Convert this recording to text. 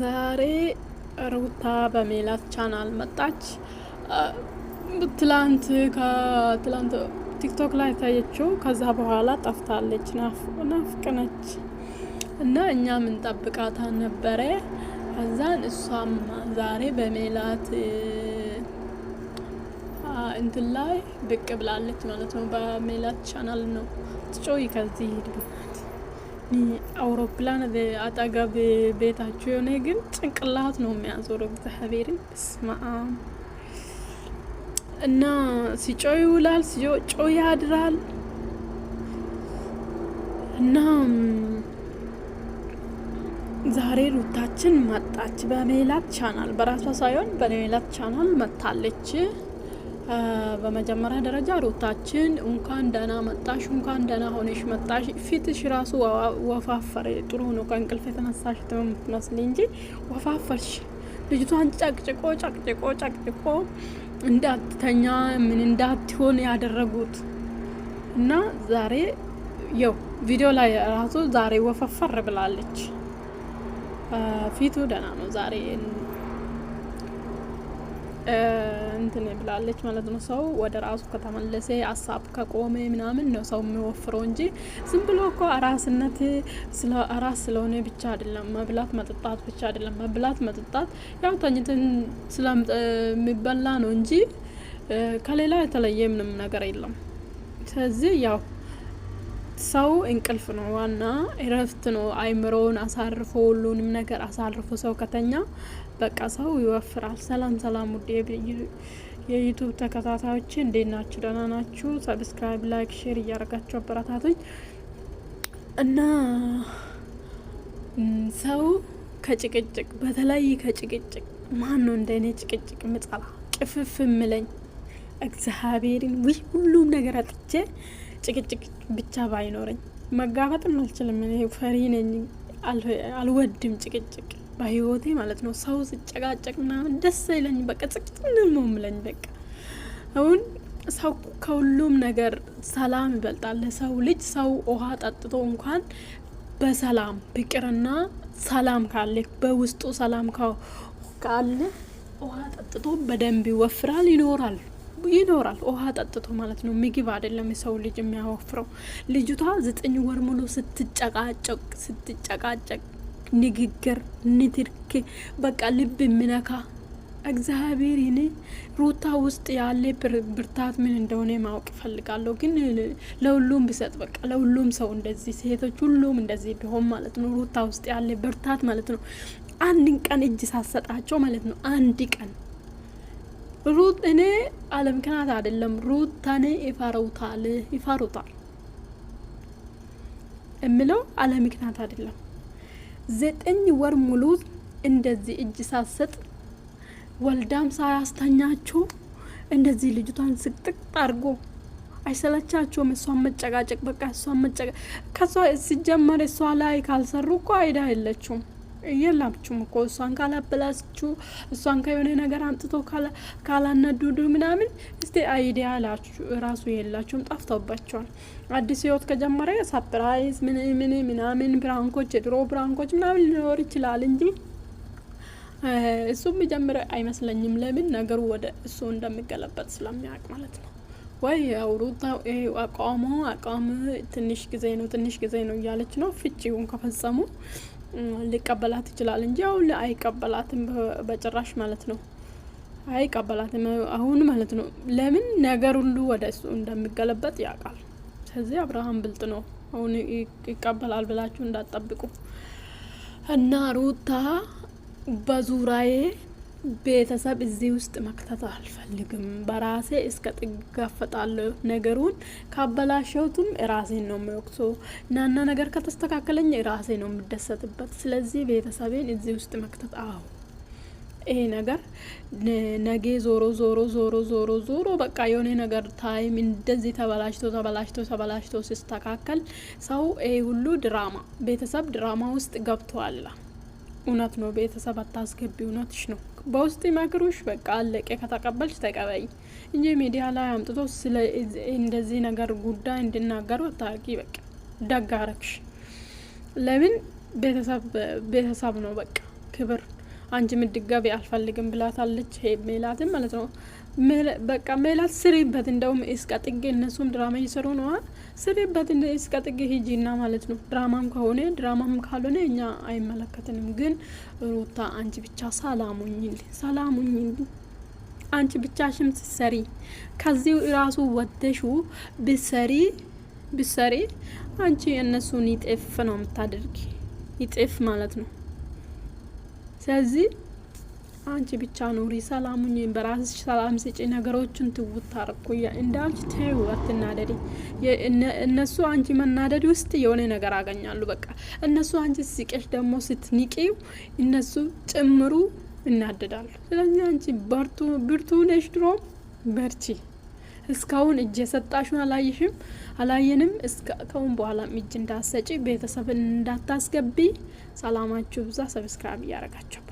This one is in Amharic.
ዛሬ ሩታ በሜላት ቻናል መጣች። ትላንት ከትላንት ቲክቶክ ላይ ታየችው። ከዛ በኋላ ጠፍታለች፣ ናፍቅነች እና እኛ ምን ጠብቃታ ነበረ። ከዛን እሷም ዛሬ በሜላት እንትን ላይ ብቅ ብላለች ማለት ነው። በሜላት ቻናል ነው ትጮይ ከዚህ ሂድ አውሮፕላን አጠገብ ቤታችሁ የሆነ ግን ጭንቅላት ነው የሚያዞረው። እግዚአብሔርን ስማ እና ሲጮ ይውላል፣ ሲጮህ ያድራል እና ዛሬ ሩታችን መጣች። በሜላት ቻናል በራሷ ሳይሆን በሜላት ቻናል መታለች። በመጀመሪያ ደረጃ ሩታችን እንኳን ደህና መጣሽ፣ እንኳን ደህና ሆነሽ መጣሽ። ፊትሽ ራሱ ወፋፈር። ጥሩ ነው ከእንቅልፍ የተነሳሽ ትመስል እንጂ ወፋፈርሽ። ልጅቷን ጨቅጭቆ ጨቅጭቆ ጨቅጭቆ እንዳትተኛ ምን እንዳትሆን ያደረጉት እና ዛሬ የው ቪዲዮ ላይ ራሱ ዛሬ ወፈፈር ብላለች። ፊቱ ደህና ነው ዛሬ እንትን ብላለች ማለት ነው። ሰው ወደ ራሱ ከተመለሰ ሀሳብ ከቆመ ምናምን ነው ሰው የሚወፍረው እንጂ ዝም ብሎ እኮ አራስነት ስለ አራስ ስለሆነ ብቻ አይደለም መብላት መጠጣት ብቻ አይደለም። መብላት መጠጣት ያው ተኝትን ስለሚበላ ነው እንጂ ከሌላ የተለየ ምንም ነገር የለም። ስለዚህ ያው ሰው እንቅልፍ ነው ዋና እረፍት ነው። አይምሮውን አሳርፎ ሁሉንም ነገር አሳርፎ ሰው ከተኛ በቃ ሰው ይወፍራል። ሰላም ሰላም፣ ውድ የዩቱብ ተከታታዮች እንዴት ናችሁ? ደህና ናችሁ? ሰብስክራይብ፣ ላይክ፣ ሼር እያደረጋችሁ አበረታቶች እና ሰው ከጭቅጭቅ በተለይ ከጭቅጭቅ ማን ነው እንደ እኔ ጭቅጭቅ ምጸላ ጭፍፍ ምለኝ እግዚአብሔርን ውይ ሁሉም ነገር አጥቼ ጭቅጭቅ ብቻ ባይኖረኝ መጋፈጥም አልችልም። እኔ ፈሪ ነኝ፣ አልወድም ጭቅጭቅ በህይወቴ ማለት ነው። ሰው ስጨቃጨቅ ምናምን ደስ አይለኝ። በቃ ጭቅጭቅ ምለኝ። በቃ አሁን ሰው ከሁሉም ነገር ሰላም ይበልጣል። ሰው ልጅ ሰው ውሃ ጠጥቶ እንኳን በሰላም ፍቅርና ሰላም ካለ በውስጡ ሰላም ካለ ውሃ ጠጥቶ በደንብ ይወፍራል፣ ይኖራል። ይኖራል። ውሃ ጠጥቶ ማለት ነው። ምግብ አይደለም የሰው ልጅ የሚያወፍረው። ልጅቷ ዘጠኝ ወር ሙሉ ስትጨቃጨቅ ስትጨቃጨቅ ንግግር ንትርክ በቃ ልብ የሚነካ እግዚአብሔር ይኔ ሩታ ውስጥ ያለ ብርታት ምን እንደሆነ ማወቅ ይፈልጋለሁ። ግን ለሁሉም ቢሰጥ በቃ ለሁሉም ሰው እንደዚህ ሴቶች ሁሉም እንደዚህ ቢሆን ማለት ነው። ሩታ ውስጥ ያለ ብርታት ማለት ነው። አንድን ቀን እጅ ሳሰጣቸው ማለት ነው። አንድ ቀን ሩት እኔ አለምክንያት አይደለም አይደለም። ሩታን ይፈሩታል ይፈሩታል እምለው አለምክንያት አይደለም። ዘጠኝ ወር ሙሉ እንደዚህ እጅ ሳሰጥ ወልዳም ሳያስተኛቸው እንደዚህ ልጅቷን ስቅጥቅ አድርጎ አይሰለቻቸውም። እሷን መጨቃጨቅ በቃ እሷን መጨቃ ከሷ ሲጀመር እሷ ላይ ካልሰሩ እኮ አይዳ የለችውም። የላችሁም እኮ እሷን ካላበላችሁ እሷን ከሆነ ነገር አምጥቶ ካላነዱዱ ምናምን እስቲ አይዲያ ላችሁ ራሱ የላችሁም፣ ጠፍተውባቸዋል። አዲስ ህይወት ከጀመረ ሳፕራይዝ ምን ምን ምናምን ብራንኮች፣ የድሮ ብራንኮች ምናምን ሊኖር ይችላል እንጂ እሱም ጀምረ አይመስለኝም። ለምን ነገሩ ወደ እሱ እንደሚገለበጥ ስለሚያውቅ ማለት ነው። ወይ አውሩታ አቋሙ አቋም ትንሽ ጊዜ ነው ትንሽ ጊዜ ነው እያለች ነው ፍቺውን ከፈጸሙ ሊቀበላት ይችላል እንጂ አሁን አይቀበላትም በጭራሽ ማለት ነው። አይቀበላትም አሁን ማለት ነው። ለምን ነገር ሁሉ ወደ እሱ እንደሚገለበጥ ያውቃል። ስለዚህ አብርሃም ብልጥ ነው። አሁን ይቀበላል ብላችሁ እንዳትጠብቁ እና ሩታ በዙራዬ ቤተሰብ እዚህ ውስጥ መክተት አልፈልግም። በራሴ እስከ ጥጋፈጣለሁ። ነገሩን ካበላሸውቱም ራሴን ነው የሚወቅሰው። እናና ነገር ከተስተካከለኝ ራሴ ነው የምደሰትበት። ስለዚህ ቤተሰቤን እዚህ ውስጥ መክተት አሁ ይሄ ነገር ነገ ዞሮ ዞሮ ዞሮ ዞሮ ዞሮ በቃ የሆነ ነገር ታይም እንደዚህ ተበላሽቶ ተበላሽቶ ተበላሽቶ ሲስተካከል ሰው ይሄ ሁሉ ድራማ ቤተሰብ ድራማ ውስጥ ገብቷል። እውነት ነው። ቤተሰብ አታስገቢ፣ እውነትሽ ነው። በውስጥ ይመክሩሽ፣ በቃ አለቄ ከተቀበልሽ ተቀበይ እንጂ ሚዲያ ላይ አምጥቶ ስለ እንደዚህ ነገር ጉዳይ እንድናገሩ አታቂ። በቃ ደጋረክሽ። ለምን ቤተሰብ ቤተሰብ ነው። በቃ ክብር አንቺ ምድጋቢ አልፈልግም ብላታለች ሜላትም ማለት ነው። በቃ ሜላት ስሪበት፣ እንደውም እስከ ጥጌ እነሱም ድራማ እየሰሩ ነዋ። ስሪበት እስከ ጥጌ ሂጂና ማለት ነው። ድራማም ከሆነ ድራማም ካልሆነ እኛ አይመለከትንም። ግን ሩታ አንቺ ብቻ ሰላሙኝል ሰላሙኝል አንቺ ብቻ ብቻሽም ስሰሪ ከዚው ራሱ ወደሹ ብሰሪ ብሰሪ አንቺ እነሱን ይጤፍ ነው የምታደርጊ ይጤፍ ማለት ነው። ስለዚህ አንቺ ብቻ ኑሪ፣ ሰላሙ በራስሽ ሰላም ስጪ፣ ነገሮችን ትውት ታርኩ። እንደ አንቺ እነሱ አንቺ መናደድ ውስጥ የሆነ ነገር አገኛሉ። በቃ እነሱ አንቺ ስቄሽ ደግሞ ስትንቂው እነሱ ጭምሩ እናደዳሉ። ስለዚህ አንቺ ብርቱ ነሽ፣ ድሮም በርቺ። እስካሁን እጅ የሰጣሽን አላየሽም አላየንም። እስካሁን በኋላ እጅ እንዳሰጪ ቤተሰብን እንዳታስገቢ። ሰላማችሁ ብዛ። ሰብስክራይብ እያረጋቸው